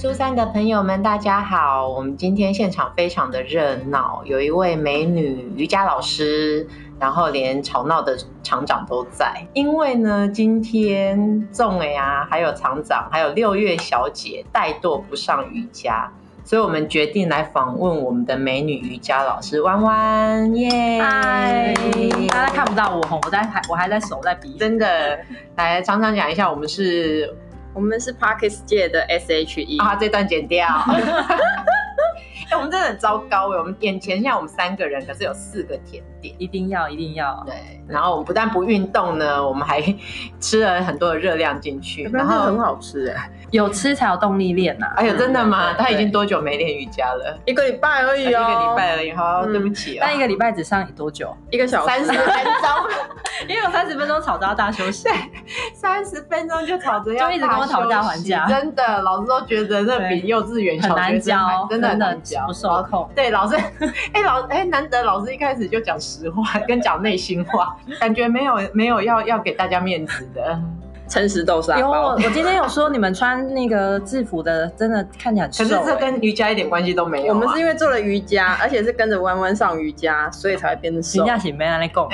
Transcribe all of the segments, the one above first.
蘇珊的朋友們，大家好！我們今天現場非常的熱鬧，有一位美女瑜伽老師，然後連吵鬧的廠長都在。因為呢，今天縱 A、欸、啊，還有廠長，還有六月小姐怠惰不上瑜伽，所以我們決定來訪問我們的美女瑜伽老師彎彎耶！大家，yeah. 嗨。看不到我，我在還我還在手，我在鼻，鼻。真的來廠長講一下，我們是。我們是 Podcast 界的 S H E，把這段剪掉。哎、 欸，我們真的很糟糕哎，我們眼前現在我們三個人，可是有四個甜點，一定要一定要，對，然後我們不但不運動呢，我們還吃了很多的熱量進去，是然後很好吃哎。有吃才有動力練吶！哎呀，真的嗎？他已經多久沒練瑜伽了？一個禮拜而已哦，一個禮拜而已。好，對不起啊。但一個禮拜只上你多久？一個小時，三十分鐘。因為我三十分鐘吵着要大休息，三十分鐘就吵着要，就一直跟我討價還價。真的，老師都覺得這比幼稚園、小學難教，真的很難教，不受控。對，老師，哎老哎難得老師一開始就講實話，跟講內心話，感覺沒有沒有要要給大家面子的。誠實豆沙。啊！有，我今天有說你們穿那個制服的，真的看起來、欸，可是這跟瑜伽一點關係都沒有、啊。我們是因為做了瑜伽，而且是跟着彎彎上瑜伽，所以才會變得瘦。瑜伽是蠻難的工。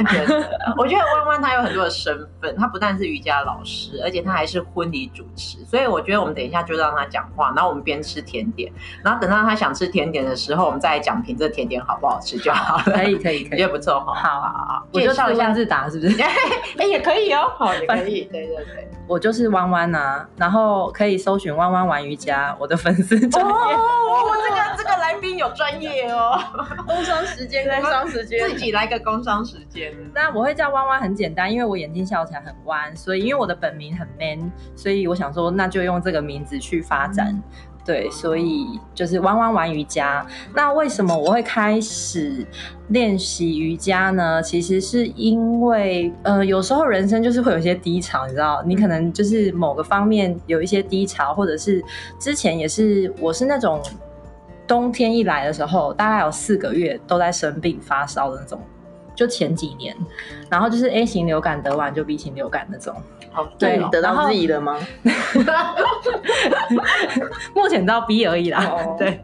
我覺得彎彎他有很多的身份，他不但是瑜伽老師，而且他還是婚禮主持。所以我覺得我們等一下就讓他講話，然後我們邊吃甜點，然後等到他想吃甜點的時候，我們再來講評這甜點好不好吃就好了。可以可以，可以，可以覺得不錯哈。好好好，好好我就到下次嗎打是不是？哎、欸，也可以哦，好也可以，對對對。我就是彎彎啊，然後可以搜尋彎彎玩瑜伽。我的粉絲專頁哦，我、哦、這個這個來賓有專業哦， 工商時間工商時間，自己來個工商時間。那我會叫彎彎很簡單，因為我眼睛笑起來很彎，所以因為我的本名很 man，所以我想說那就用這個名字去發展。嗯對，所以就是彎彎玩瑜伽。那為什麼我會開始練習瑜伽呢？其實是因為，呃，有時候人生就是會有一些低潮，你知道，你可能就是某個方面有一些低潮，或者是之前也是，我是那種冬天一來的時候，大概有四個月都在生病發燒的那種。就前幾年，然後就是 A 型流感得完就 B 型流感那種。好，oh, 對，後得到自己的嗎？ 目前到 B 而已啦。Oh. 對，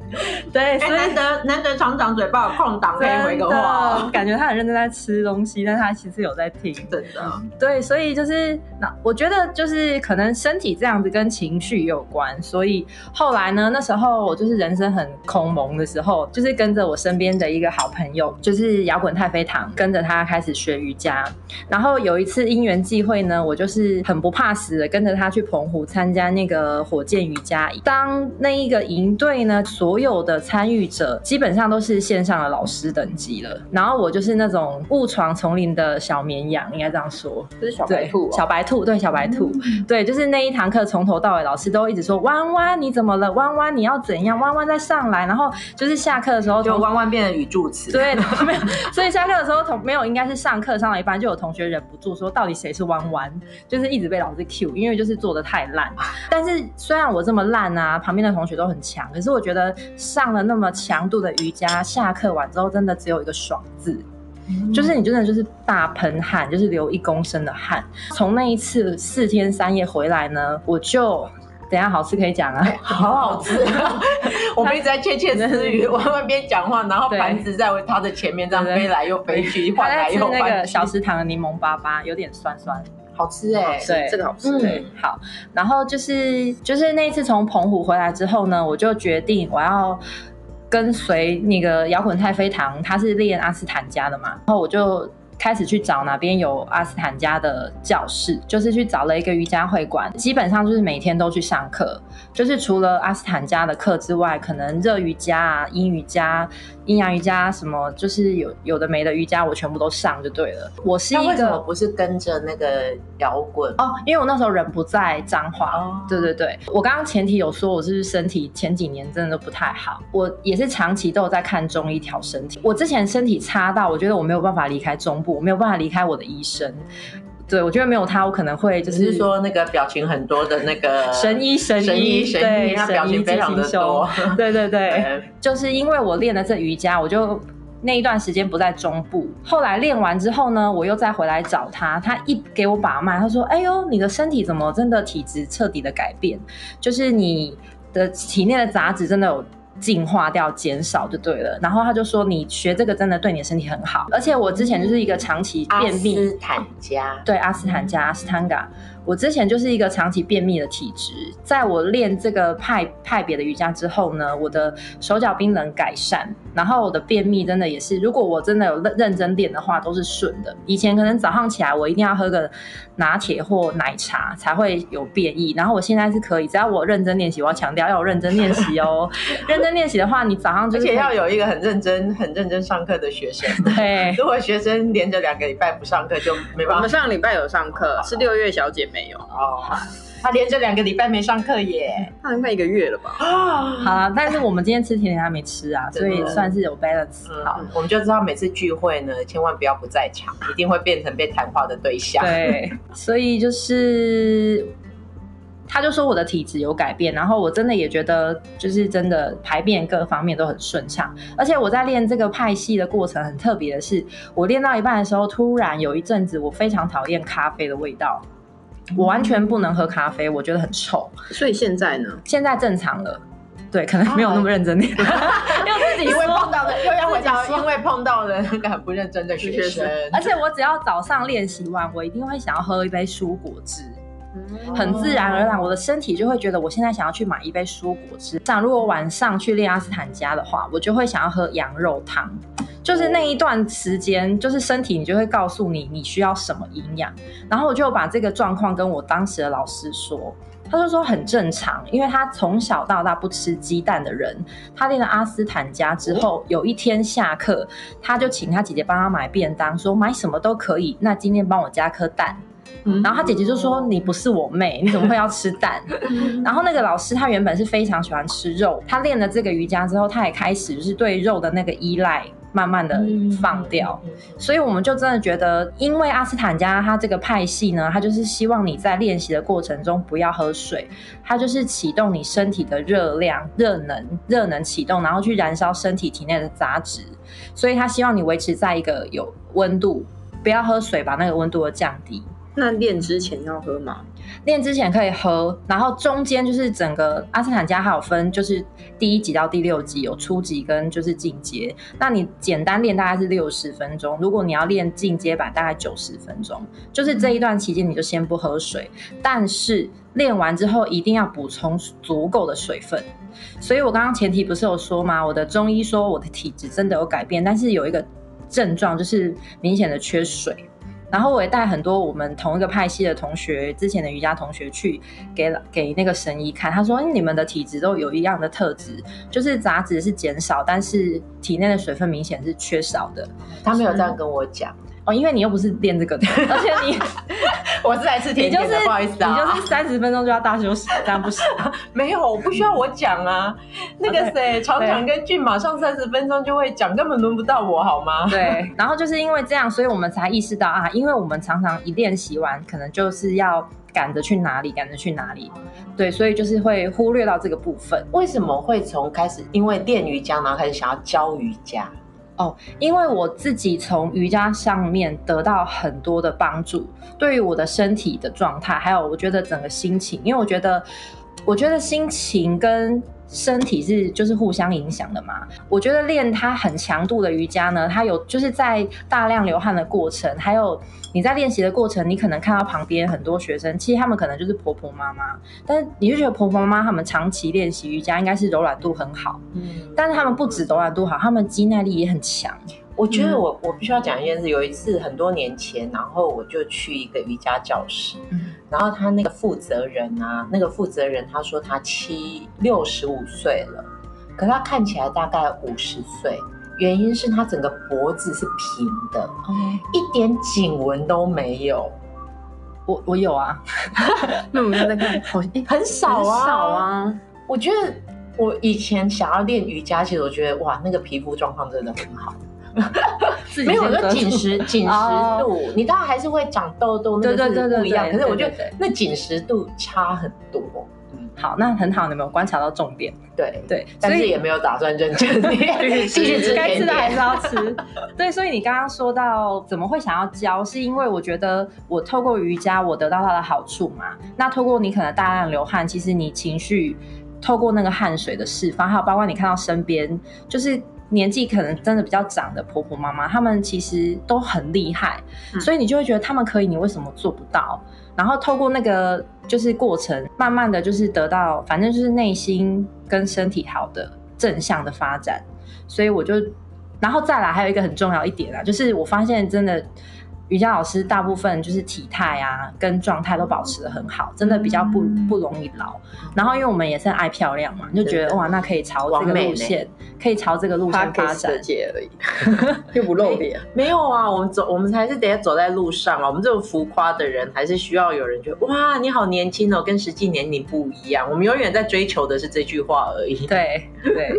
對。難得難得廠長嘴巴有空檔可以回個話，感覺他很認真在吃東西，但他其實有在聽。真的。對，所以就是那我覺得就是可能身體這樣子跟情緒有關，所以後來呢，那時候我就是人生很空蒙的時候，就是跟着我身邊的一個好朋友，就是搖滾太妃糖。跟着他開始學瑜伽，然後有一次因緣際會呢，我就是很不怕死的跟着他去澎湖參加那個火箭瑜伽。當那一個營隊呢，所有的參與者基本上都是線上的老師等級了，然後我就是那種誤闖叢林的小綿羊，應該這樣說。就是小白兔、哦，小白兔，對小白兔，嗯嗯對，就是那一堂課從頭到尾老師都一直說：“彎彎你怎麼了？彎彎你要怎樣？彎彎再上來。”然後就是下課的時候，就彎彎變成語助詞。對，然後沒有，所以下課的時候。沒有，應該是上課上了一半，就有同學忍不住說：“到底誰是彎彎？”就是一直被老師 cue，因為就是做的太爛。但是雖然我這麼爛啊，旁邊的同學都很強，可是我覺得上了那麼強度的瑜伽，下課完之後真的只有一個爽字，嗯、就是你真的就是大噴汗，就是流一公升的汗。從那一次四天三夜回來呢，我就。等下好吃可以講啊， 好好吃、啊！ 他 我們一直在竊竊私語，我們邊講話，然後盤子在它的前面這樣飛 對的 來又飛去，他在吃那個小食糖的檸檬巴巴，有點酸酸， 嗯、好吃哎、欸，對，這個好吃。嗯、對好，然後就是就是那一次從澎湖回來之後呢，我就決定我要跟隨那個搖滾太妃糖，他是練阿斯坦家的嘛，然後我就。嗯開始去找哪邊有阿斯坦家的教室，就是去找了一個瑜伽會館，基本上就是每天都去上課，就是除了阿斯坦家的課之外，可能熱瑜伽啊、陰瑜伽、陰陽瑜伽什麼，就是有有的沒的瑜伽，我全部都上就對了。我是一個為什麼不是跟着那個搖滾哦，因為我那時候人不在彰化。哦、對對對，我剛剛前提有說我是不是身體前幾年真的都不太好，我也是長期都有在看中醫調身體。我之前身體差到，我覺得我沒有辦法離開中部，我沒有辦法離開我的醫生。嗯對，我覺得沒有他，我可能會就是，是說那個表情很多的那個神醫神醫神醫，表情非常的多。對對對，對就是因為我練了這瑜伽，我就那一段時間不在中部。後來練完之後呢，我又再回來找他，他一給我把脈，他說：“哎呦，你的身體怎麼真的體質徹底的改變？就是你的體內的雜質真的有。”淨化掉，減少就對了。然後他就說：“你學這個真的對你的身體很好。”而且我之前就是一個長期便秘阿斯坦加。對，阿斯坦加，阿斯坦加。我之前就是一個長期便秘的體質，在我練這個派派別的瑜伽之後呢，我的手腳冰冷改善，然後我的便秘真的也是，如果我真的有認認真練的話，都是順的。以前可能早上起來我一定要喝個拿鐵或奶茶才會有便意，然後我現在是可以，只要我認真練習，我要強調要有認真練習哦。 認真練習的話，你早上就可以，而且要有一個很認真、很認真上課的學生。對，如果學生連着兩個禮拜不上課就沒辦法。 我們上個禮拜有上課，是六月小姐。沒有哦，他連着兩個禮拜沒上課耶， 他應該一個月了吧？啊，好啊，但是我們今天吃甜點，他沒吃啊，哦、所以算是有 balance、嗯。吃好，嗯、我們就知道每次聚會呢，千萬不要不在場，啊、一定會變成被談話的對象。對，所以就是，他就說我的體質有改變，然後我真的也覺得就是真的排便各方面都很順暢，而且我在練這個派系的過程很特別的是，我練到一半的時候，突然有一陣子我非常討厭咖啡的味道。我完全不能喝咖啡，嗯、我覺得很臭。所以現在呢？現在正常了，對，可能沒有那麼認真了。啊、 又自己因為碰到了，又因為碰到了那個很不認真的學生。學生，而且我只要早上練習完，我一定會想要喝一杯蔬果汁。很自然而然，我的身體就會覺得我現在想要去買一杯蔬果汁。像如果晚上去練阿斯坦家的話，我就會想要喝羊肉湯。就是那一段時間，就是身體你就會告訴你你需要什麼營養。然後我就把這個狀況跟我當時的老師說，他就說很正常，因為他從小到大不吃雞蛋的人，他練了阿斯坦家之後，有一天下課他就請他姐姐幫他買便當，說買什麼都可以，那今天幫我加顆蛋。然後他姐姐就說：“你不是我妹，你怎麼會要吃蛋？” 然後那個老師他原本是非常喜歡吃肉，他練了這個瑜伽之後，他也開始就是對肉的那個依賴慢慢的放掉。嗯、所以我們就真的覺得，因為阿斯坦加他這個派系呢，他就是希望你在練習的過程中不要喝水，他就是啟動你身體的熱量、熱能、熱能啟動，然後去燃燒身體體內的雜質，所以他希望你維持在一個有溫度，不要喝水把那個溫度降低。那練之前要喝嗎？練之前可以喝，然後中間就是整個阿斯坦加還有分，就是第一級到第六級有初級跟就是進階。那你簡單練大概是六十分鐘，如果你要練進階版大概九十分鐘，就是這一段期間你就先不喝水，但是練完之後一定要補充足夠的水分。所以我剛剛前提不是有說嗎？我的中醫說我的體質真的有改變，但是有一個症狀就是明顯的缺水。然後我也帶很多我們同一個派系的同學，之前的瑜伽同學去給給那個神醫看，他說你們的體質都有一樣的特質，就是雜質是減少，但是體內的水分明顯是缺少的。他沒有這樣跟我講。嗯哦，因為你又不是練這個的， 而且你 我是來吃甜點的，不好意思啊。你就是三十 分鐘就要大休息， 但不行。 沒有，我不需要我講啊。 那個誰，廠長 Okay, 跟駿、啊、馬上三十分鐘就會講，根本輪不到我，好嗎？對。然後就是因為這樣，所以我們才意識到啊，因為我們常常一練習完，可能就是要趕着去哪裡，趕着去哪裡。對，所以就是會忽略到這個部分。為什麼會從開始因為練瑜伽，然後開始想要教瑜伽？哦，因為我自己從瑜伽上面得到很多的幫助，對於我的身體的狀態，還有我覺得整個心情，因為我覺得，我覺得心情跟。身體是就是互相影響的嘛。我覺得練它很強度的瑜伽呢，它有就是在大量流汗的過程，還有你在練習的過程，你可能看到旁邊很多學生，其實他們可能就是婆婆媽媽，但是你就覺得婆婆媽媽他們長期練習瑜伽應該是柔軟度很好，嗯，但是他們不止柔軟度好，他們肌耐力也很強。我覺得我、嗯、我必須要講一件事。有一次很多年前，然後我就去一個瑜伽教室，嗯、然後他那個負責人啊，那個負責人他說他七、六十五歲了，可他看起來大概五十歲，原因是他整個脖子是平的，哦、一點頸紋都沒有。我我有啊， 那我們在那看，好 很少啊，少啊，我覺得我以前想要練瑜伽，其實我覺得哇，那個皮膚狀況真的很好。 沒有，個緊實緊實度，你倒還是會長痘痘，那是不一樣。可是我覺得那緊實度差很多。好，那很好，你們有觀察到重點。對對，但是也沒有打算認真吃，該吃的還是要吃。對，所以你剛剛說到怎麼會想要教，是因為我覺得我透過瑜伽，我得到它的好處嘛。那透過你可能大量流汗，其實你情緒透過那個汗水的釋放，還有包括你看到身邊就是。年紀可能真的比較長的婆婆媽媽，他們其實都很厲害，嗯。所以你就會覺得他們可以，你為什麼做不到？然後透過那個就是過程，慢慢的就是得到，反正就是內心跟身體好的正向的發展。所以我就，然後再來還有一個很重要一點啊，就是我發現真的。瑜伽老師大部分就是體態啊，跟狀態都保持得很好，真的比較不、嗯、不容易老。然後因為我們也是愛漂亮嘛，就覺得對對哇，那可以朝這個路線，可以朝這個路線發展。世界而已， 又不露臉。沒有啊，我們走，我們還是得走在路上啊。我們這種浮誇的人，還是需要有人覺得哇，你好年輕哦，跟實際年齡不一樣。我們永遠在追求的是這句話而已。 對對。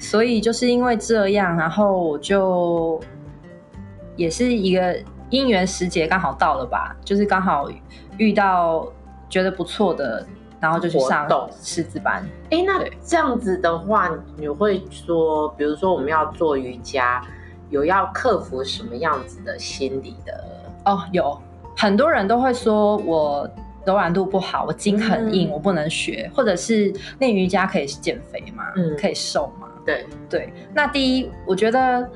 所以就是因為這樣，然後我就也是一個。因緣時節剛好到了吧，就是剛好遇到覺得不錯的，然後就去上師資班。哎、欸，那這樣子的話，對你會說，比如說我們要做瑜伽，有要克服什麼樣子的心理的？哦，有很多人都會說我柔軟度不好，我筋很硬，嗯、哼我不能學，或者是練瑜伽可以減肥嘛，嗯、可以瘦嘛？對對，那第一，我覺得。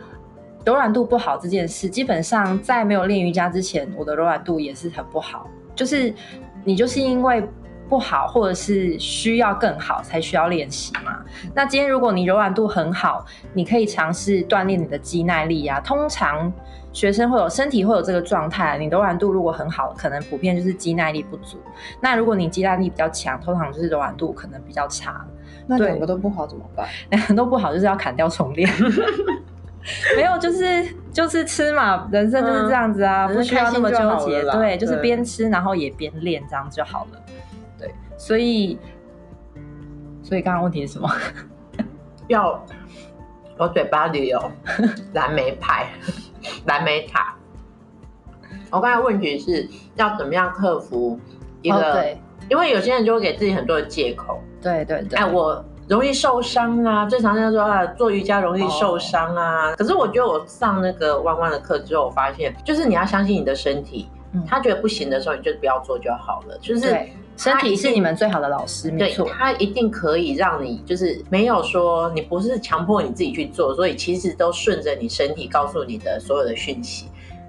柔軟度不好這件事，基本上在沒有練瑜伽之前，我的柔軟度也是很不好。就是你就是因為不好，或者是需要更好才需要練習嘛。那今天如果你柔軟度很好，你可以嘗試鍛鍊你的肌耐力啊。通常學生會有身體會有這個狀態啊，你柔軟度如果很好，可能普遍就是肌耐力不足。那如果你肌耐力比較強，通常就是柔軟度可能比較差。那兩個都不好怎麼辦？兩個都不好就是要砍掉重練。 沒有，就是就是吃嘛，人生就是這樣子啊，不需要那麼糾結。對，就是邊吃然後也邊練，這樣就好了。對，所以所以剛剛問題是什麼？ 要我嘴巴裡有藍莓派、 藍莓塔。我剛才問題是要怎麼樣克服一個，哦、因為有些人就會給自己很多的借口。對對對，哎我。容易受傷啊！最常見說啊，做瑜伽容易受傷啊。Oh. 可是我覺得我上那個彎彎的課之後，我發現就是你要相信你的身體，他、嗯、覺得不行的時候，你就不要做就好了。就是對身體是你們最好的老師，沒錯，他一定可以讓你就是沒有說你不是強迫你自己去做，所以其實都順着你身體告訴你的所有的訊息，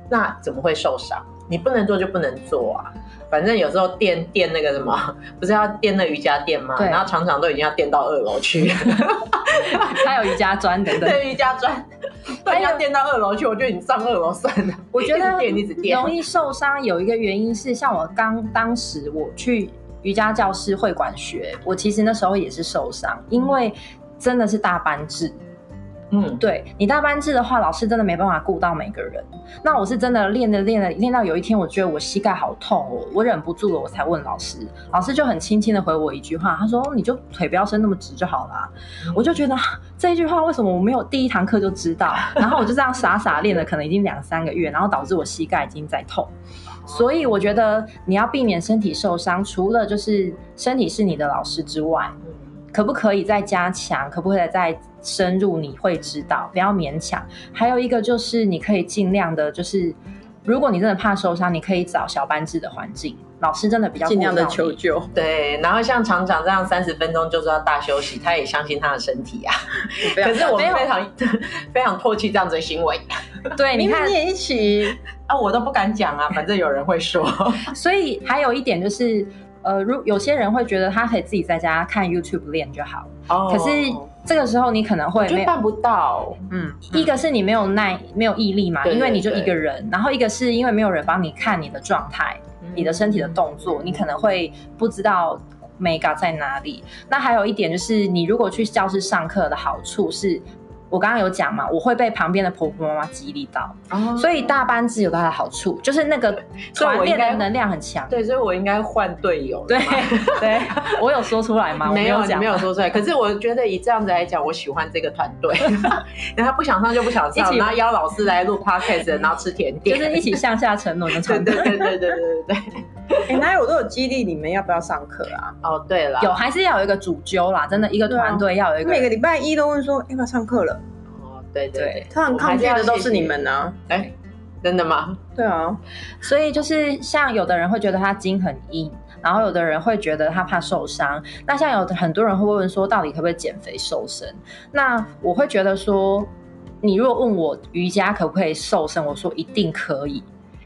那怎麼會受傷？你不能做就不能做啊。反正有時候墊墊那個什麼，不是要墊那瑜伽墊嗎？對然後常常都已經要墊到二樓去。 他有瑜伽磚等等，對瑜伽磚，但要墊到二樓去，哎、呦我覺得你上二樓算了。我覺得墊一直墊容易受傷，有一個原因是像我剛當時我去瑜伽教室會館學，我其實那時候也是受傷，因為真的是大班制。嗯對，對你大班制的話，老師真的沒辦法顧到每個人。那我是真的練着練着，練到有一天，我覺得我膝蓋好痛，我忍不住了，我才問老師，老師就很輕輕的回我一句話，他說你就腿不要伸那麼直就好了。嗯、我就覺得這一句話為什麼我沒有第一堂課就知道？ 然後我就這樣傻傻練了，可能已經兩三個月，然後導致我膝蓋已經在痛。所以我覺得你要避免身體受傷，除了就是身體是你的老師之外。可不可以再加強？可不可以再深入？你會知道，不要勉強。還有一個就是，你可以盡量的，就是如果你真的怕受傷，你可以找小班制的環境，老師真的比較盡量的求救。對，然後像廠長這樣三十分鐘就知道大休息，他也相信他的身體啊。常可是我們非常有非常唾棄這樣子的行為。對，你看你也一起啊，我都不敢講啊，反正有人會說。 所以還有一點就是。呃，如有，有些人會覺得他可以自己在家看 YouTube 練就好，oh。可是這個時候你可能會沒就辦不到。嗯，嗯一個是你沒有耐、沒有毅力嘛，對對對，因為你就一個人；然後一個是因為沒有人幫你看你的狀態、嗯、你的身體的動作，嗯、你可能會不知道美感在哪裡。那還有一點就是，你如果去教室上課的好處是。我剛剛有講嘛，我會被旁邊的婆婆媽媽激勵到，哦、所以大班子有它的好處，就是那個傳遞的能量很強。對，所以我應該換隊友。對對，我有說出來嗎？ 沒有，沒有講，沒有說出來。可是我覺得以這樣子來講，我喜歡這個團隊。 然後不想上就不想上，起然後邀老師來錄 podcast， 然後吃甜點，就是一起向下沉淪。 對，對，對對對對對對對對。哎，那我、 欸、有都有激勵你們，要不要上課啊？哦、oh,，對了，有還是要有一個主揪啦，真的一個團隊要有一個。 每個禮拜一都問說要不、欸、要上課了。哦、oh,，對對。他很抗拒的都是你們呢、啊。哎、欸，真的嗎？對啊，所以就是像有的人會覺得他筋很硬，然後有的人會覺得他怕受傷。那像有很多人會問說，到底可不可以減肥瘦身？那我會覺得說，你若問我瑜伽可不可以瘦身，我說一定可以。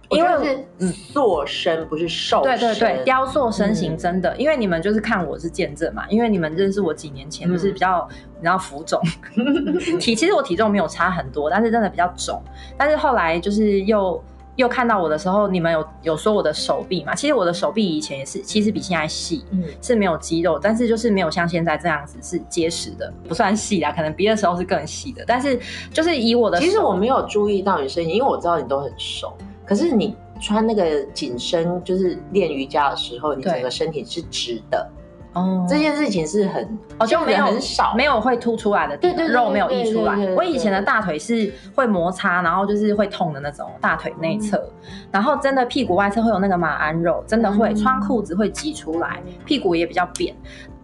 因為是塑身，不是瘦、嗯。對對對，雕塑身形真的，嗯、因為你們就是看我是見證嘛。因為你們認識我幾年前，就是比較、嗯、比較浮腫 體，其實我體重沒有差很多，但是真的比較腫。但是後來就是又又看到我的時候，你們有有說我的手臂嘛？其實我的手臂以前也是，其實比現在細，嗯，是沒有肌肉，但是就是沒有像現在這樣子是結實的，不算細啦，可能別的時候是更細的。但是就是以我的，其實我沒有注意到你身形，因為我知道你都很瘦。可是你穿那個緊身，就是練瑜伽的時候，你整個身體是直的。哦，oh. 這件事情是很，oh, 就沒有很少，沒有會凸出來的，對對，對，肉沒有溢出來。對對對對我以前的大腿是會摩擦，然後就是會痛的那種大腿內側，嗯、然後真的屁股外側會有那個馬鞍肉，真的會、嗯、穿褲子會擠出來，屁股也比較扁。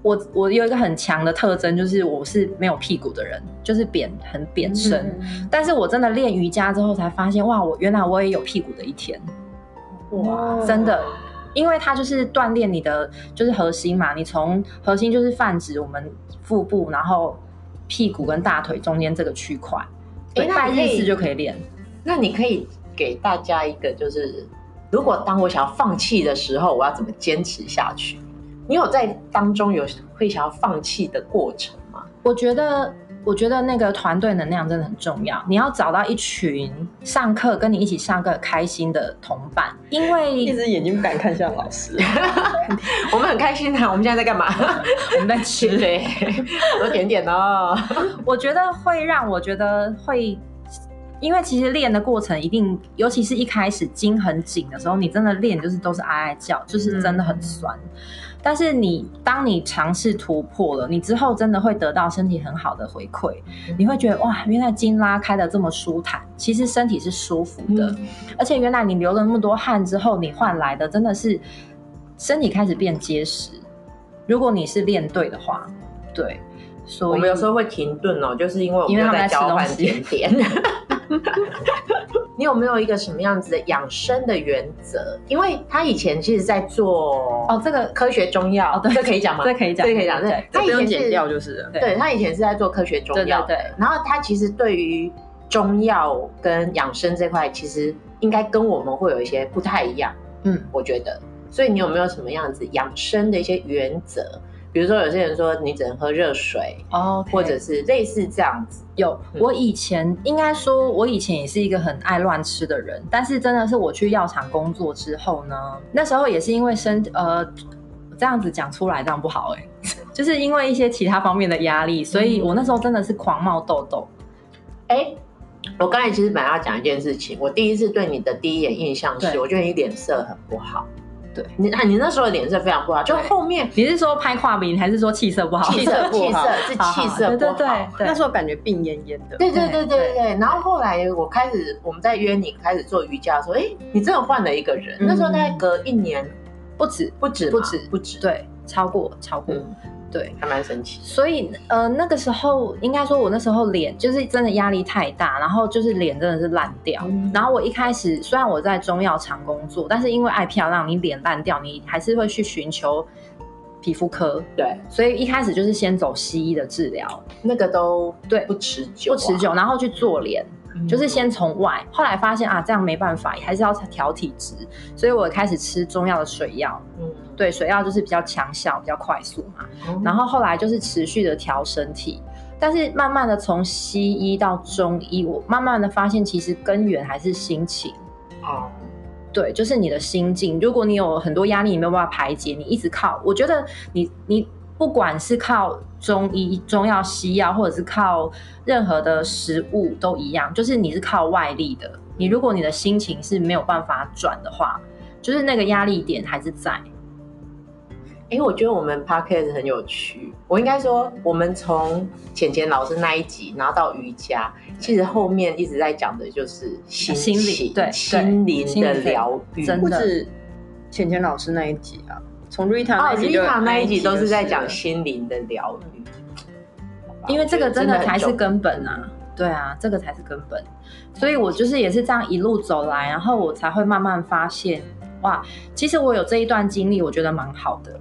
我我有一個很強的特徵，就是我是沒有屁股的人，就是扁很扁身。嗯嗯，但是我真的練瑜伽之後才發現，哇，我原來我也有屁股的一天，哇，真的，因為它就是鍛鍊你的就是核心嘛，你從核心就是泛指我們腹部，然後屁股跟大腿中間這個區塊。對，欸，拜日式就可以練。那你可以給大家一個，就是如果當我想要放棄的時候，我要怎麼堅持下去？你有在當中有會想要放棄的過程嗎？我覺得，我覺得那個團隊能量真的很重要。你要找到一群上課跟你一起上課開心的同伴，因為一直眼睛不敢看向老師。我們很開心啊！我們現在在幹嘛？我們在吃嘞對，吃甜 點，點哦。我覺得會讓我覺得會，因為其實練的過程一定，尤其是一開始筋很緊的時候，你真的練就是都是哎哎叫，就是真的很酸。嗯但是你，當你嘗試突破了，你之後真的會得到身體很好的回饋。嗯、你會覺得哇，原來筋拉開得這麼舒坦，其實身體是舒服的。嗯、而且原來你流了那麼多汗之後，你換來的真的是身體開始變結實。如果你是練對的話，對，說我們有時候會停頓哦，就是因為我們，因為他們在，在交換吃東西。甜甜 你有沒有一個什麼樣子的養生的原則？因為他以前其實在做哦，這個科學中藥，這可以講嗎？ 這可以講，這可以講對對。對，他以前是，對，不用剪掉就是了。對,對,對,對他以前是在做科學中藥，對,對,對。然後他其實對於中藥跟養生這塊，其實應該跟我們會有一些不太一樣。嗯，我覺得。所以你有沒有什麼樣子養生的一些原則？比如說，有些人說你只能喝熱水哦，Okay 或者是類似這樣子。有，嗯、我以前應該說，我以前也是一個很愛亂吃的人。但是真的是，我去藥廠工作之後呢，那時候也是因為身呃，這樣子講出來這樣不好哎、欸， 就是因為一些其他方面的壓力，所以我那時候真的是狂冒痘痘。哎、嗯欸，我剛才其實本來要講一件事情，我第一次對你的第一眼印象是對，我覺得你臉色很不好。對你，你那時候臉色非常不好，就後面，你是說拍畫面，還是說氣色不好？氣色不好，氣色是氣色不好，好，好。對對對，那時候感覺病懨懨的。對，對對對對對，然後後來我開始，我們在約你開始做瑜伽的時候，誒、欸，你真的換了一個人。嗯、那時候大概隔一年，不止，不止，不止，不止，對，超過，超過。對，還蠻神奇。所以，呃，那個時候應該說，我那時候臉就是真的壓力太大，然後就是臉真的是爛掉。嗯、然後我一開始雖然我在中藥廠工作，但是因為愛漂亮，你臉爛掉，你還是會去尋求皮膚科。對，所以一開始就是先走西醫的治療，那個都對，不持久啊，不持久，然後去做臉。就是先從外，嗯、後來發現啊，這樣沒辦法，還是要調體質，所以我開始吃中藥的水藥，嗯、對，水藥就是比較強效、比較快速嘛。嗯、然後後來就是持續的調身體，但是慢慢的從西醫到中醫，我慢慢的發現其實根源還是心情，嗯、對，就是你的心境。如果你有很多壓力，你沒有辦法排解，你一直靠，我覺得你你。不管是靠中醫、中藥、西藥，或者是靠任何的食物，都一樣。就是你是靠外力的，你如果你的心情是沒有辦法轉的話，就是那個壓力點還是在。哎、欸，我覺得我們 Podcast 很有趣。我應該說，我們從淺淺老師那一集，拿到瑜伽，其實後面一直在講的就是心理，對，對心靈的療癒。真的。不止淺淺老師那一集啊。從、oh, Rita 來 i a 那一集，就是就是，都是在講心靈的療癒，因為這個真的才是根本啊！對啊，這個才是根本，所以我就是也是這樣一路走來，然後我才會慢慢發現，哇，其實我有這一段經歷，我覺得蠻好的，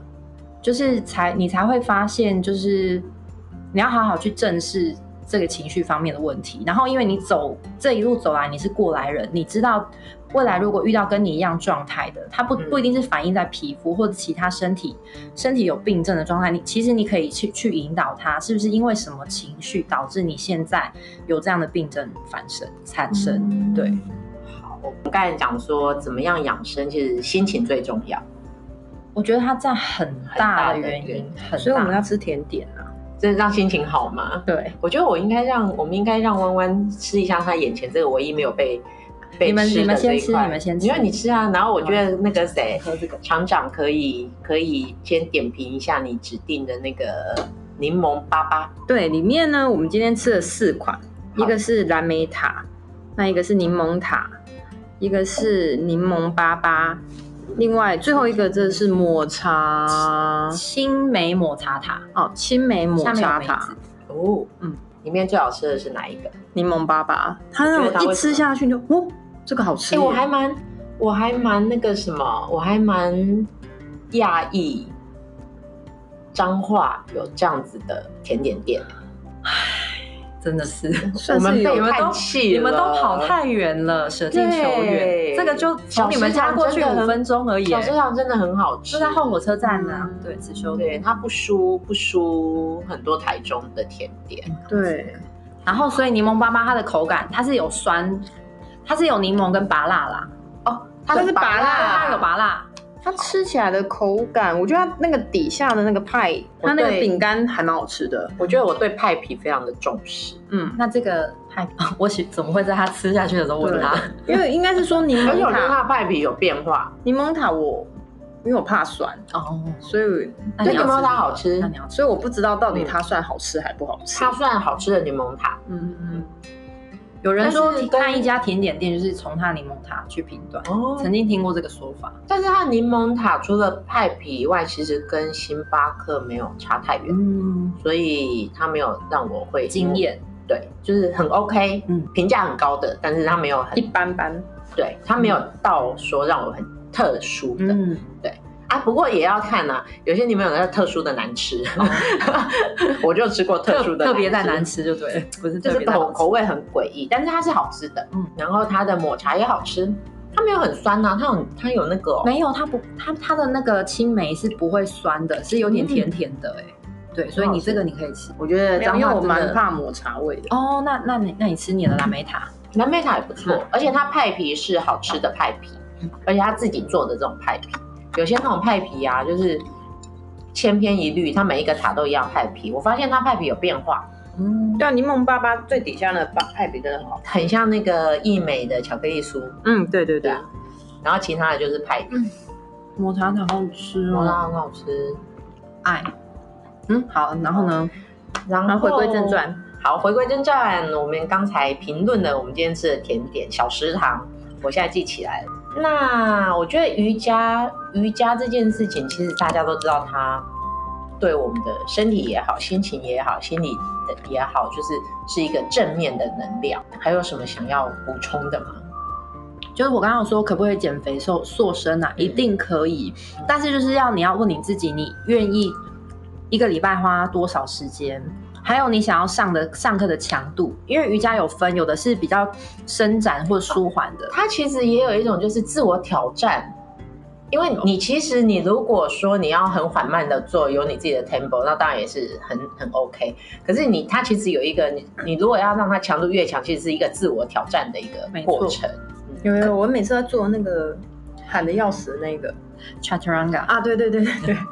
就是才你才會發現，就是你要好好去正視。這個情緒方面的問題，然後因為你走這一路走來，你是過來人，你知道未來如果遇到跟你一樣狀態的，他不不一定是反映在皮膚或者其他身體身體有病症的狀態，你其實你可以去去引導他，是不是因為什麼情緒導致你現在有這樣的病症反生？產生。對、嗯。好，我剛才講說怎麼樣養生，其實心情最重要。我覺得它占很大的原因，很大的原因，很所以我們要吃甜點啊。就是讓心情好嘛。對，我覺得我應該讓，我們應該讓彎彎吃一下他眼前這個唯一沒有被被吃的一塊。你們你們先吃，你們先吃。因為你，你吃啊，然後我覺得那個誰，這個、廠長可以可以先點評一下你指定的那個檸檬巴巴。對，裡面呢，我們今天吃了四款，一個是藍莓塔，好那一個是檸檬塔，一個是檸檬巴巴。另外最後一個這個是抹茶青梅、抹茶塔哦，青梅抹茶塔有有哦，嗯，裡面最好吃的是哪一個？檸檬爸爸，它一吃下去你就哦，這個好吃，欸。我還蠻我還蠻那個什麼，我還蠻訝異彰化有這樣子的甜點店。真的是，甚至 我們你們都，都你們都跑太遠了，捨近求遠。對這個就從你們家過去五分鐘而已，欸小。小食糖真的很好吃，就在後火車站呢，啊。嗯、對，子修。對，它對不輸不輸很多台中的甜點。對，然後所以檸檬芭芭它的口感，它是有酸，它是有檸檬跟拔辣啦。哦，它是拔辣，辣它有拔辣。它吃起來的口感，我覺得它那個底下的那個派，它那個餅乾還蠻好吃的。我覺得我對派皮非常的重視。嗯，那這個派，我怎麼會在他吃下去的時候問他？因為應該是說檸檬塔派皮有變化。檸檬塔我，因為我怕酸哦，所以對檸檬塔好吃。所以我不知道到底它算好吃還不好吃。它算好吃的檸檬塔。嗯嗯。有人說，看一家甜點店就是從他檸檬塔去評斷。哦，曾經聽過這個說法。但是他檸檬塔除了派皮以外，其實跟星巴克沒有差太遠。嗯，所以它沒有讓我會驚豔。經驗對，就是很 OK，嗯，評價很高的，但是它沒有很。一般般。對，它沒有到說讓我很特殊的。嗯，對。啊，不過也要看啊，有些你們有那特殊的難吃，我就吃過特殊的，特別在難吃就對，不是特別口口味很詭異，但是它是好吃的，嗯，然後它的抹茶也好吃，它沒有很酸吶，它它有那個沒有，它不它它的那個青梅是不會酸的，是有點甜甜的，哎，對，所以你這個你可以吃，我覺得，因為我蠻怕抹茶味的，哦，那那你那你吃你的藍莓塔，藍莓塔也不錯，而且它派皮是好吃的派皮，而且他自己做的這種派皮。有些那種派皮啊，就是千篇一律，它每一個塔都一樣派皮。我發現它派皮有變化。嗯，對啊，檸檬爸爸最底下的派皮真的很好，很像那個易美的巧克力酥。嗯，對對對，對，啊。然後其他的就是派皮。抹茶、嗯塔，塔，喔、塔，塔很好吃，抹茶很好吃。愛。嗯，好，然後呢？然後回歸正傳，好，回歸正傳，我們剛才評論了我們今天吃的甜點小食糖，我現在記起來了。那我覺得瑜伽、瑜伽這件事情，其實大家都知道，它對我們的身體也好，心情也好，心理的也好，就是是一個正面的能量。還有什麼想要補充的嗎？就是我剛剛說，可不可以減肥瘦、瘦瘦身啊？一定可以，嗯、但是就是要你要問你自己，你願意一個禮拜花多少時間？還有你想要上的上課的強度，因為瑜伽有分，有的是比較伸展或舒緩的，它其實也有一種就是自我挑戰。因為你其實你如果說你要很緩慢的做，有你自己的 tempo，那當然也是很很 OK。可是你它其實有一個你你如果要讓它強度越強，其實是一個自我挑戰的一個過程。沒有有，跟我每次要做那個喊得要死的那個 Chaturanga 啊，對對對對對。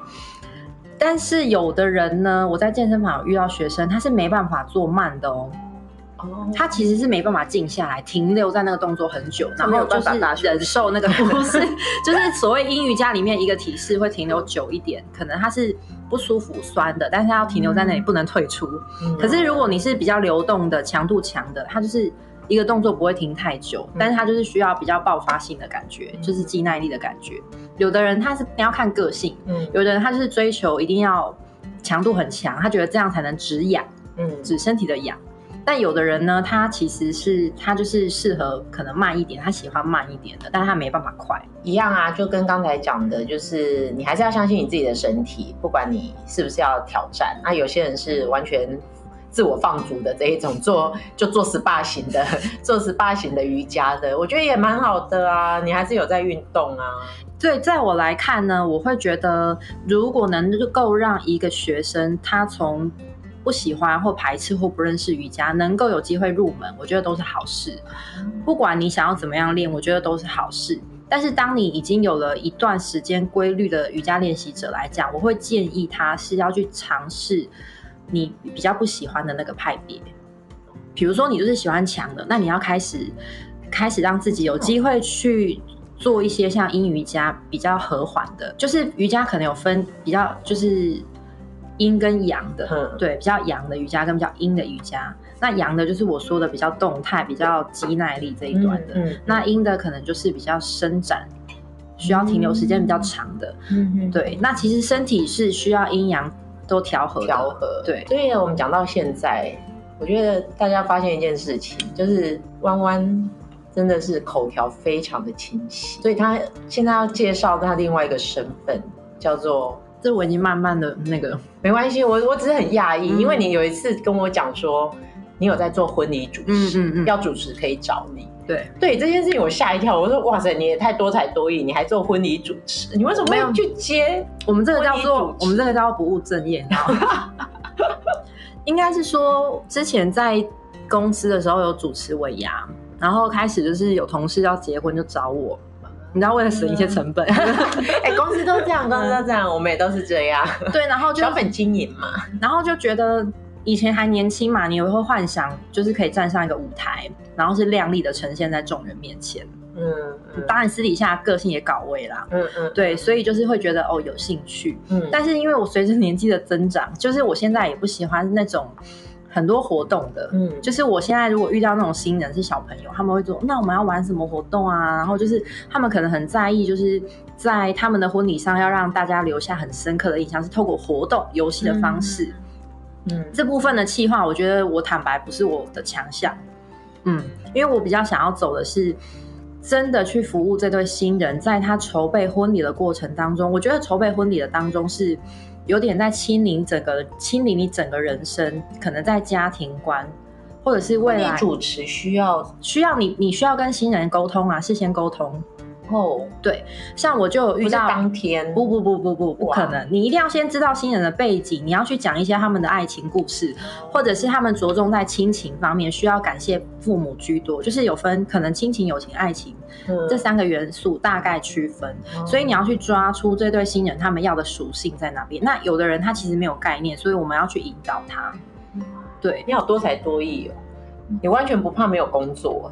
但是有的人呢，我在健身房遇到學生，他是沒辦法做慢的哦。哦。Oh. 他其實是沒辦法靜下來，停留在那個動作很久，然後就是忍受那個，不是，就是所謂陰瑜伽裡面一個體式會停留久一點，可能他是不舒服痠的，但是他要停留在那裡不能退出。Mm hmm. 可是如果你是比較流動的、強度強的，它就是一個動作不會停太久，mm hmm. 但是他就是需要比較爆發性的感覺，mm hmm. 就是肌耐力的感覺。有的人他是要看個性，嗯，有的人他是追求一定要強度很強，他覺得這樣才能止癢，嗯，止身體的癢。但有的人呢，他其實是他就是適合可能慢一點，他喜歡慢一點的，但是他沒辦法快。一樣啊，就跟剛才講的，就是你還是要相信你自己的身體，不管你是不是要挑戰。那，啊，有些人是完全。自我放逐的這一種做就做十八型的，做十八型的瑜伽的，我覺得也蠻好的啊，你還是有在運動啊。對，在我來看呢，我會覺得如果能夠讓一個學生他從不喜歡或排斥或不認識瑜伽，能夠有機會入門，我覺得都是好事。不管你想要怎麼樣練，我覺得都是好事。但是當你已經有了一段時間規律的瑜伽練習者來講，我會建議他是要去嘗試你比較不喜歡的那個派別，比如說你就是喜歡強的，那你要開始，開始讓自己有機會去做一些像陰瑜伽比較和緩的，就是瑜伽可能有分比較就是陰跟陽的，呵對，比較陽的瑜伽跟比較陰的瑜伽。那陽的，就是我說的比較動態、比較肌耐力這一段的，嗯嗯、那陰的可能就是比較伸展，需要停留時間比較長的。嗯嗯嗯嗯、對，那其實身體是需要陰陽。都調和，和，調和，對。所以我們講到現在，我覺得大家發現一件事情，就是彎彎真的是口條非常的清晰，所以她現在要介紹她另外一個身份，叫做，這我已經慢慢的那個，沒關係，我我只是很訝異，嗯、因為你有一次跟我講說你有在做婚禮主持，嗯嗯嗯、要主持可以找你。對，對，這件事情我嚇一跳。我說：“哇塞，你也太多才多藝，你還做婚禮主持？你為什麼沒有去接我我？”我們這個叫做我們這個叫不務正業。你知道嗎？ 應該是說之前在公司的時候有主持尾牙，然後開始就是有同事要結婚就找我，你知道為了省一些成本。哎、嗯 欸，公司都這樣，公司都這樣，嗯、我們也都是這樣。對，然後就小本經營嘛，然後就覺得以前還年輕嘛，你也會幻想就是可以站上一個舞台。然後是靚麗的呈現在眾人面前，嗯，嗯，當然私底下個性也搞位啦，嗯嗯，嗯嗯對，所以就是會覺得哦有興趣，嗯，但是因為我隨着年紀的增長，就是我現在也不喜歡那種很多活動的，嗯，就是我現在如果遇到那種新人是小朋友，他們會說，那我們要玩什麼活動啊？然後就是他們可能很在意，就是在他們的婚禮上要讓大家留下很深刻的印象，是透過活動遊戲的方式，嗯，嗯，這部分的企劃，我覺得我坦白不是我的強項。嗯，因為我比較想要走的是真的去服務這對新人，在他籌備婚禮的過程當中，我覺得籌備婚禮的當中是有點在清理整個，清理你整個人生，可能在家庭觀，或者是未來主持需要，需要你，你需要跟新人溝通啊，事先溝通。然後對，像我就遇到當天不不不不不不可能，你一定要先知道新人的背景，你要去講一些他們的愛情故事，或者是他們着重在親情方面需要感謝父母居多，就是有分可能親情、友情、愛情這三個元素大概區分，所以你要去抓出這對新人他們要的屬性在哪邊。那有的人他其實沒有概念，所以我們要去引導他。對，你好多才多藝哦，你完全不怕沒有工作。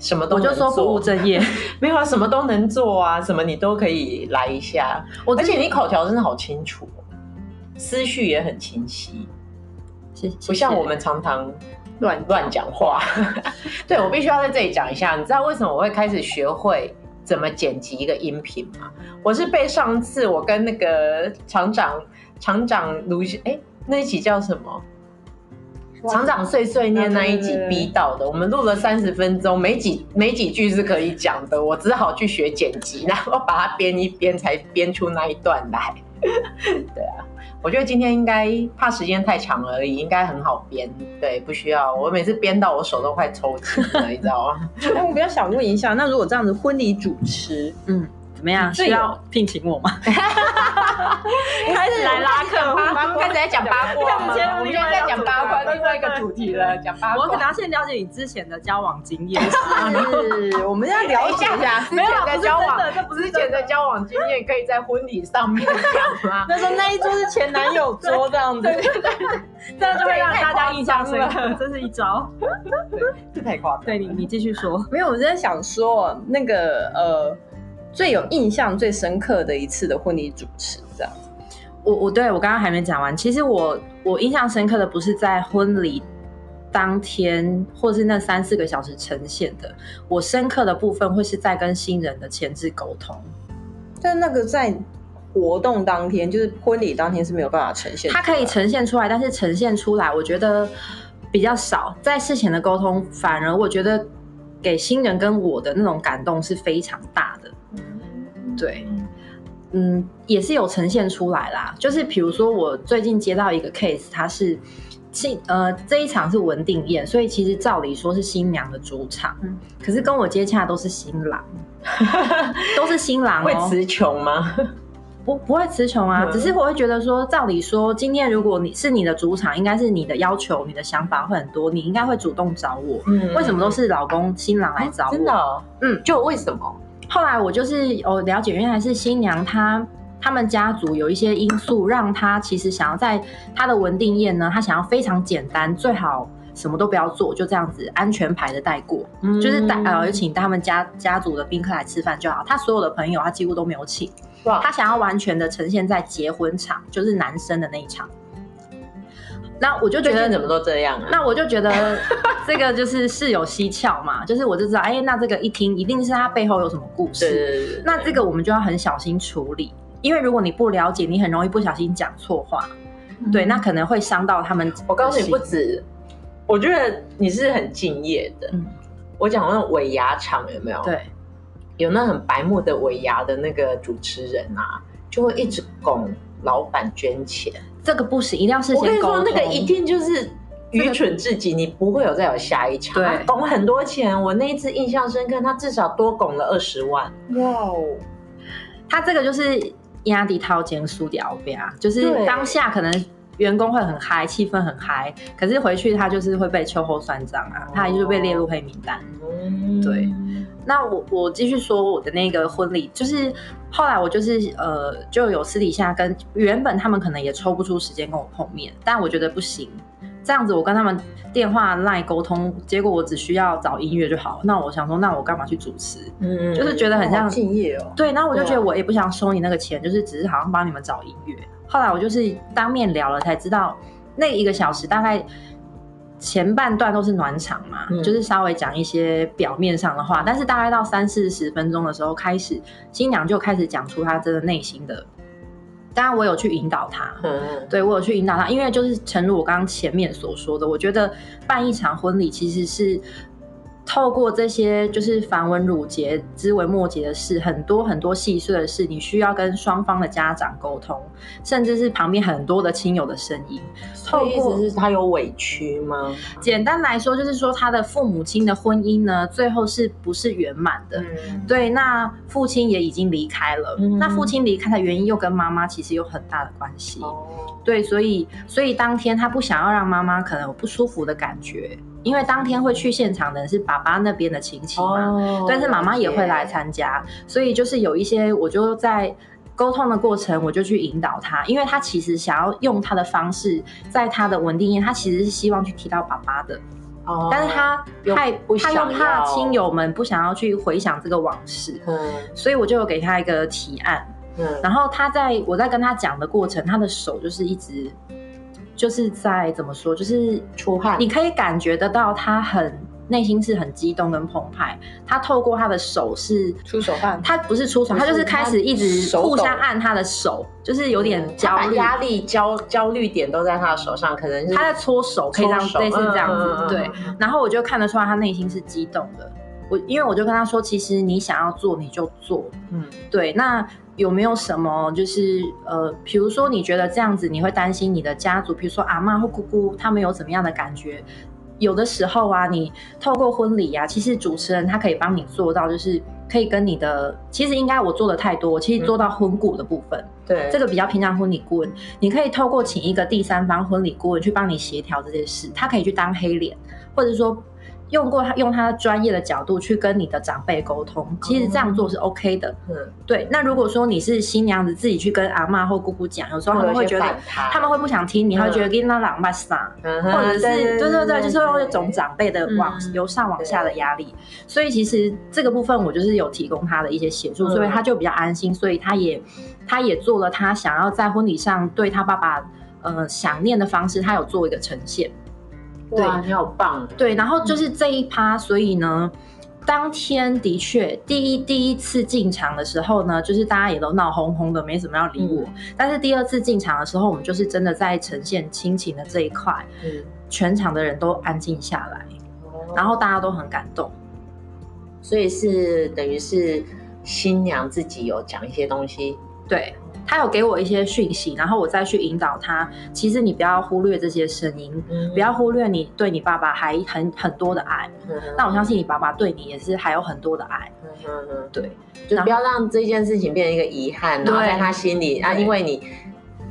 什麼都我就說不務正業， 沒有啊，什麼都能做啊，什麼你都可以來一下。我，而且你口條真的好清楚，哦， 思緒也很清晰，不像我們常常亂講亂講講話。 對，我必須要在這裡講一下，你知道為什麼我會開始學會怎麼剪輯一個音頻嗎？我是被上次我跟那個廠長廠長盧哎、欸、那一集叫什麼？廠哇長碎碎念那一集逼到的，啊、對對對對我們錄了三十分鐘，沒幾沒幾句是可以講的，我只好去學剪輯，然後把它編一編，才編出那一段來。 對啊，我覺得今天應該怕時間太長而已，應該很好編。對，不需要我每次編到我手都快抽筋了， 你知道嗎？我比較想問一下，那如果這樣子婚禮主持，嗯。嗯怎麼樣？需要聘請我嗎？開始來拉客嗎？我們剛才在講八卦嗎？我們現在在講八卦，另外一個主題了。講八卦。我可能要先了解你之前的交往經驗，是？我們要了解一下沒有在交往的。這不是之前的交往經驗，可以在婚禮上面講嗎？他說那一桌是前男友桌，這樣子，這樣就會讓大家印象深刻。這是一招，這太誇張。對你，你繼續說。沒有，我真的想說那個呃。最有印象，最深刻的一次的婚禮主持，這樣，我我，對，我剛剛還沒講完。其實我我印象深刻的不是在婚禮當天，或是那三四個小時呈現的，我深刻的部分會是在跟新人的前置溝通。但那個在活動當天，就是婚禮當天是沒有辦法呈現，它可以呈現出來，但是呈現出來我覺得比較少。在事前的溝通，反而我覺得給新人跟我的那種感動是非常大的。對，嗯，也是有呈現出來啦。就是比如說，我最近接到一個 case，它是新呃這一場是文定宴，所以其實照理說是新娘的主場，嗯、可是跟我接洽都是新郎， 都是新郎、喔、會詞窮嗎？不、不會詞窮啊，嗯、只是我會覺得說，照理說今天如果你是你的主場，應該是你的要求、你的想法會很多，你應該會主動找我。嗯、為什麼都是老公新郎來找我？啊、真的、哦、嗯，就為什麼？嗯後來我就是有了解，原來是新娘她他，他們家族有一些因素，讓她其實想要在她的文定宴呢，她想要非常簡單，最好什麼都不要做，就這樣子安全牌的帶過，嗯、就是帶呃請他們家家族的賓客來吃飯就好。他所有的朋友他幾乎都沒有請，哇他想要完全的呈現在結婚場，就是男生的那一場。那我就覺得，怎麼都這樣啊？那我就覺得這個就是事有蹊蹺嘛， 就是我就知道，哎、欸、呀，那這個一聽一定是他背後有什麼故事。對對，對對對。那這個我們就要很小心處理，因為如果你不了解，你很容易不小心講錯話，嗯、對，那可能會傷到他們的。我告訴你不止，我覺得你是很敬業的。嗯、我講那種尾牙場有沒有？對，有那很白目的尾牙的那個主持人啊，就會一直拱老闆捐錢。這個不行，一定要事先溝通。那個一定就是，這個、愚蠢至極，你不會有再有下一場。對他拱很多錢，我那一次印象深刻，他至少多拱了二十萬。哇哦 Wow！他這個就是壓底掏錢輸掉，別就是當下可能員工會很嗨，氣氛很嗨，可是回去他就是會被秋後算賬啊，他就是被列入黑名單。嗯，oh. 對。那我我繼續說我的那個婚禮，就是後來我就是呃，就有私底下跟原本他們可能也抽不出時間跟我碰面，但我覺得不行，這樣子我跟他們電話 LINE 溝通，結果我只需要找音樂就好。那我想說，那我幹嘛去主持？嗯，就是覺得很像敬業哦。對，那我就覺得我也不想收你那個錢，啊、就是只是好像幫你們找音樂。後來我就是當面聊了，才知道那一個小時大概。前半段都是暖場嘛，嗯、就是稍微講一些表面上的話，但是大概到三四十分鐘的時候，開始新娘就開始講出她真的內心的。當然，我有去引導她，嗯、對我有去引導她，因為就是誠如我剛剛前面所說的，我覺得辦一場婚禮其實是。透過這些就是繁文縟節、枝微末節的事，很多很多細碎的事，你需要跟雙方的家長溝通，甚至是旁邊很多的親友的聲音。透過意思是，他有委屈嗎？簡單來說，就是說他的父母親的婚姻呢，最後是不是圓滿的？嗯、對，那父親也已經離開了。嗯、那父親離開的原因，又跟媽媽其實有很大的關係。哦、對，所以，所以當天他不想要讓媽媽可能有不舒服的感覺。因為當天會去現場的是爸爸那邊的親戚嘛，哦、但是媽媽也會來參加，哦 okay、所以就是有一些，我就在溝通的過程，我就去引導他，因為他其實想要用他的方式，在他的穩定，他其實是希望去提到爸爸的，哦、但是他太他又怕親友們不想要去回想這個往事，嗯、所以我就有給他一個提案，嗯、然後他在我在跟他講的過程，他的手就是一直。就是在怎麼說，就是出汗，你可以感覺得到他很內心是很激動跟澎湃。他透過他的手是出手汗，他不是出手，他,他就是開始一直互相按他的手，手懂就是有點焦慮，嗯、他壓力焦焦,焦慮點都在他的手上，可能、就是、他在搓手，手可以讓類似這樣子。嗯嗯嗯嗯對，然後我就看得出來他內心是激動的。我因為我就跟他說，其實你想要做你就做，嗯，對，那。有沒有什麼就是呃，比如說你覺得這樣子，你會擔心你的家族，比如說阿嬤、或姑姑他們有怎麼樣的感覺？有的時候啊，你透過婚禮啊，其實主持人他可以幫你做到，就是可以跟你的，其實應該我做的太多，其實做到婚顧的部分。嗯、對，這個比較平常婚禮顧問，你可以透過請一個第三方婚禮顧問去幫你協調這件事，他可以去當黑臉，或者說。用過他用他的專業的角度去跟你的長輩溝通，其實這樣做是 OK 的。嗯、對。那如果說你是新娘子自己去跟阿嬤或姑姑講，有時候他們會覺得他們會不想聽你，你會、會覺得給你那浪漫或者是對對對，就是有一種長輩的往、嗯、由上往下的壓力。對所以其實這個部分我就是有提供他的一些協助，所以他就比較安心，所以他也他也做了他想要在婚禮上對他爸爸呃想念的方式，他有做一個呈現。對，你好棒！對，然後就是這一趴，所以呢，嗯、當天的確第一第一次進場的時候呢，就是大家也都鬧哄哄的，沒怎麼要理我。嗯、但是第二次進場的時候，我們就是真的在呈現親情的這一塊，嗯、全場的人都安靜下來，嗯、然後大家都很感動，所以是等於是新娘自己有講一些東西，對。他有給我一些訊息，然後我再去引導他。其實你不要忽略這些聲音，嗯、不要忽略你對你爸爸還很很多的愛。但、嗯、我相信你爸爸對你也是還有很多的愛。嗯、哼哼對，就不要讓這件事情變成一個遺憾，嗯、然後在他心裡對啊，因為你。對對對，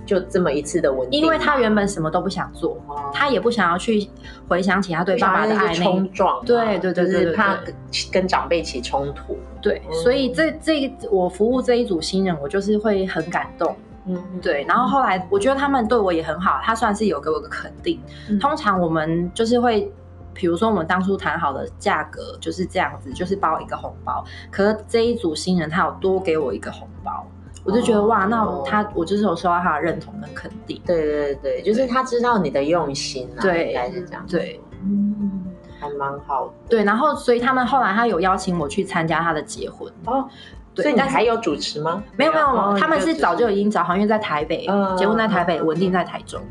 就這麼一次的問題，因為他原本什麼都不想做，哦、他也不想要去回想起他對爸爸的愛，衝撞、啊，對對對，對對對，就是怕跟，跟長輩起衝突。對，嗯、所以這這我服務這一組新人，我就是會很感動。嗯，對。然後後來我覺得他們對我也很好，他算是有給我一個肯定。嗯、通常我們就是會，比如說我們當初談好的價格就是這樣子，就是包一個紅包。可是這一組新人他有多給我一個紅包。我就覺得哇，那他我就是有收到他的認同跟肯定，對對對，就是他知道你的用心啊，應該是這樣，對，嗯，還蠻好。對，然後所以他們後來他有邀請我去參加他的結婚哦，對，你還有主持嗎？沒有沒有，他們是早就已經找好，因為在台北結婚，在台北穩定，在台中，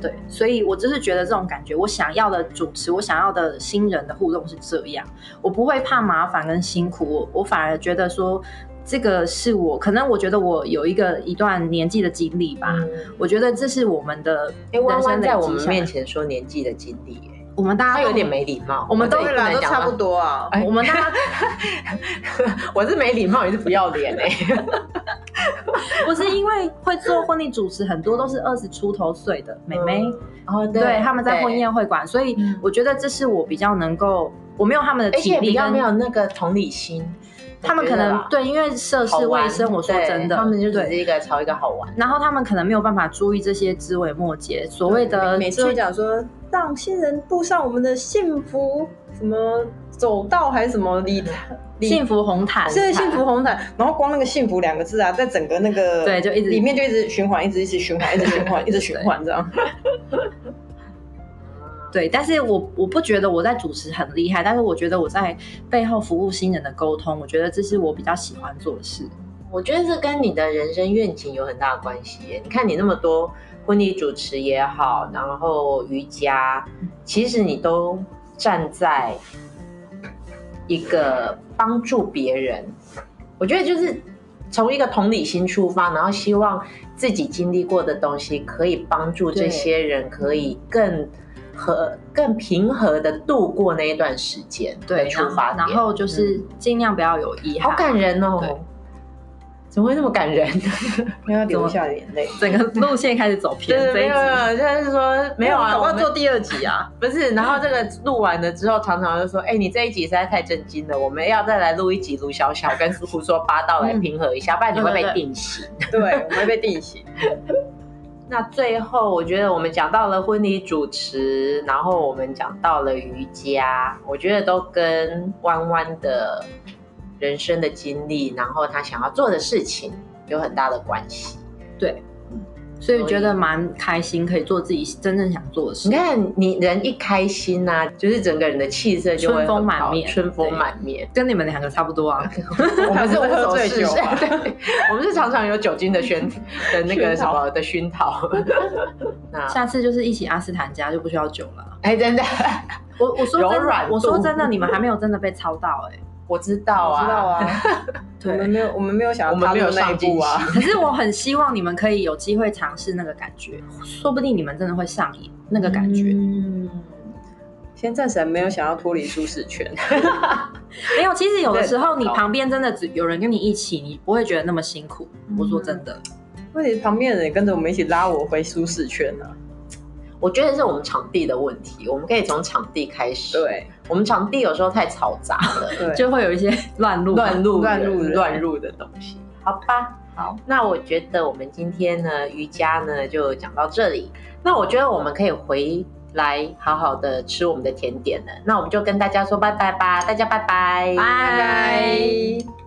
對，所以我就是覺得這種感覺，我想要的主持，我想要的新人的互動是這樣，我不會怕麻煩跟辛苦，我我反而覺得說。這個是我可能我覺得我有一個一段年紀的經歷吧，嗯、我覺得這是我們的人生的，彎彎在我們面前說年紀的經歷。欸，我們大家都有點沒禮貌，我們都，都差不多啊，我們大家， 我是沒禮貌也是不要臉哎。欸， 我是因為會做婚禮主持，很多都是二十出頭歲的妹妹，嗯哦、對，對他們在婚宴會館，對所以我覺得這是我比較能夠，嗯、我沒有他們的體力，比較沒有那個同理心。他們可能對，因為涉世未深，我說真的，他們就對，是一個炒一個好玩。然後他們可能沒有辦法注意這些枝微末節，所謂的每次講說讓新人步上我們的幸福什麼走道還是什麼禮幸福紅毯，是幸福紅毯。然後光那個幸福兩個字啊，在整個那個對，就一直裡面就一直循環，一直一直循環，一直循環，一直循環這樣。對，但是我我不覺得我在主持很厲害，但是我覺得我在背後服務新人的溝通，我覺得這是我比較喜歡做的事。我覺得這跟你的人生願景有很大的關係耶。你看，你那麼多婚禮主持也好，然後瑜伽，其實你都站在一個幫助別人。我覺得就是從一個同理心出發，然後希望自己經歷過的東西可以幫助這些人，對可以更。和更平和的度過那一段時間，對出發，然後就是盡量不要有遺憾，嗯。好感人哦！對怎麼會那麼感人？沒有麼 流下眼淚，整個路線開始走偏。 對，沒有，就是說沒有啊，有我要做第二集啊， 不是。然後這個錄完了之後，常常就說：“哎、欸，你這一集實在太震驚了，我們要再來錄一集。”盧笑笑跟胡說說八道來平和一下，嗯、不然你會被定型。對，對，對，對，我們會被定型。 那最後，我覺得我們講到了婚禮主持，然後我們講到了瑜伽，我覺得都跟彎彎的人生的經歷，然後他想要做的事情有很大的關係。對。所以覺得蠻開心，可以做自己真正想做的事。你看，你人一開心啊，就是整個人的氣色就會好，春風滿面。跟你們兩個差不多啊， 我們是無所事事， 對，我們是常常有酒精的熏 的那個什麼的熏陶。 下次就是一起阿斯坦家就不需要酒了。哎、欸，真的，我我說真的，我說真的，你們還沒有真的被操到哎、欸。我知道啊，知道啊。 對我們沒有，我們沒有想、啊、我們沒有那一步啊。可是我很希望你們可以有機會嘗試那個感覺， 說不定你們真的會上癮那個感覺。嗯，先暫時還沒有想要脫離舒適圈，沒 有、 欸。其實有的時候，你旁邊真的只有人跟你一起，你不會覺得那麼辛苦。嗯、我說真的，問題是旁邊的人也跟着我們一起拉我回舒適圈呢。我覺得是我們場地的問題，我們可以從場地開始。對。我們場地有時候太嘈雜了，對 就會有一些亂入亂入亂入、亂入、亂入的東西，好吧？好，那我覺得我們今天呢，瑜伽呢，就講到這裡。那我覺得我們可以回來好好的吃我們的甜點了，那我們就跟大家說拜拜吧，大家拜拜，Bye 拜拜。